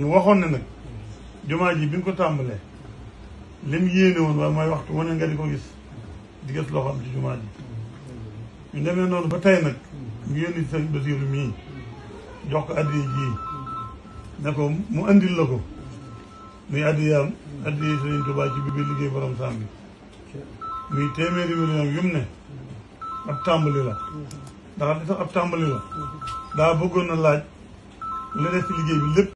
ñu waxoon ne nag jumaa ji bi nga ko tàmbalee lim yéene woon waaye mooy waxtu wane nga di ko gis di gis loo xam ci jumaa ji ñu demee noonu ba tey nag ñu yéene sëñ Basiiru mii jox ko addiya jii ne ko mu andil la ko muy addiyaam addiya sëñ Tuubaa ci biir liggéey borom saam bi muy téeméeri million yu mu ne ab tàmbali la ndax ab tàmbali la daa bëggoon na laaj la def liggéey bi lépp